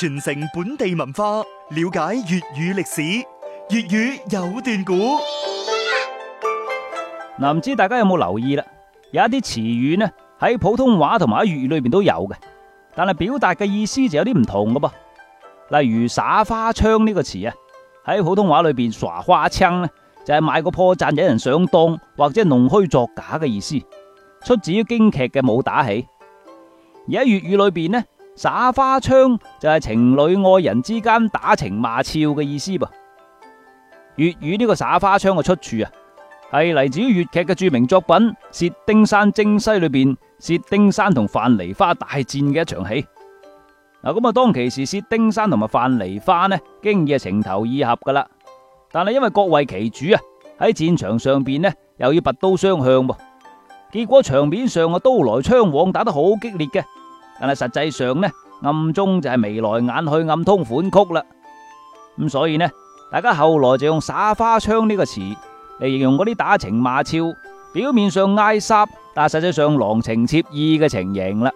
傳承本地文化，了解粵語歷史，粵語有段古。唔知大家有冇留意啦？有一啲詞語呢，喺普通話同埋喺粵語裏邊都有嘅，但係表達嘅意思就有啲唔同嘅噃。例如耍花槍呢個詞啊，喺普通話裏邊耍花槍呢，就係買個破綻引人上當或者弄虛作假嘅意思，出自於京劇嘅武打戲。而喺粵語裏邊呢？耍花槍就係情侶愛人之間打情罵俏嘅意思噃。粵語呢個耍花槍嘅出處啊，係嚟自於粵劇嘅著名作品《薛丁山征西》裏邊，薛丁山同樊梨花大戰嘅一場戲。嗱，咁啊，當其時薛丁山同埋樊梨花呢，經已係情投意合噶啦，但係因為各為其主啊，喺戰場上邊呢，又要拔刀相向噃。結果場面上嘅，刀來槍往，打得好激烈嘅。但係實際上呢，暗中就係眉來眼去、暗通款曲啦。咁所以呢，大家後來就用耍花槍呢個詞嚟形容嗰啲打情罵俏，表面上嗌霎，但係實際上郎情妾意嘅情形啦。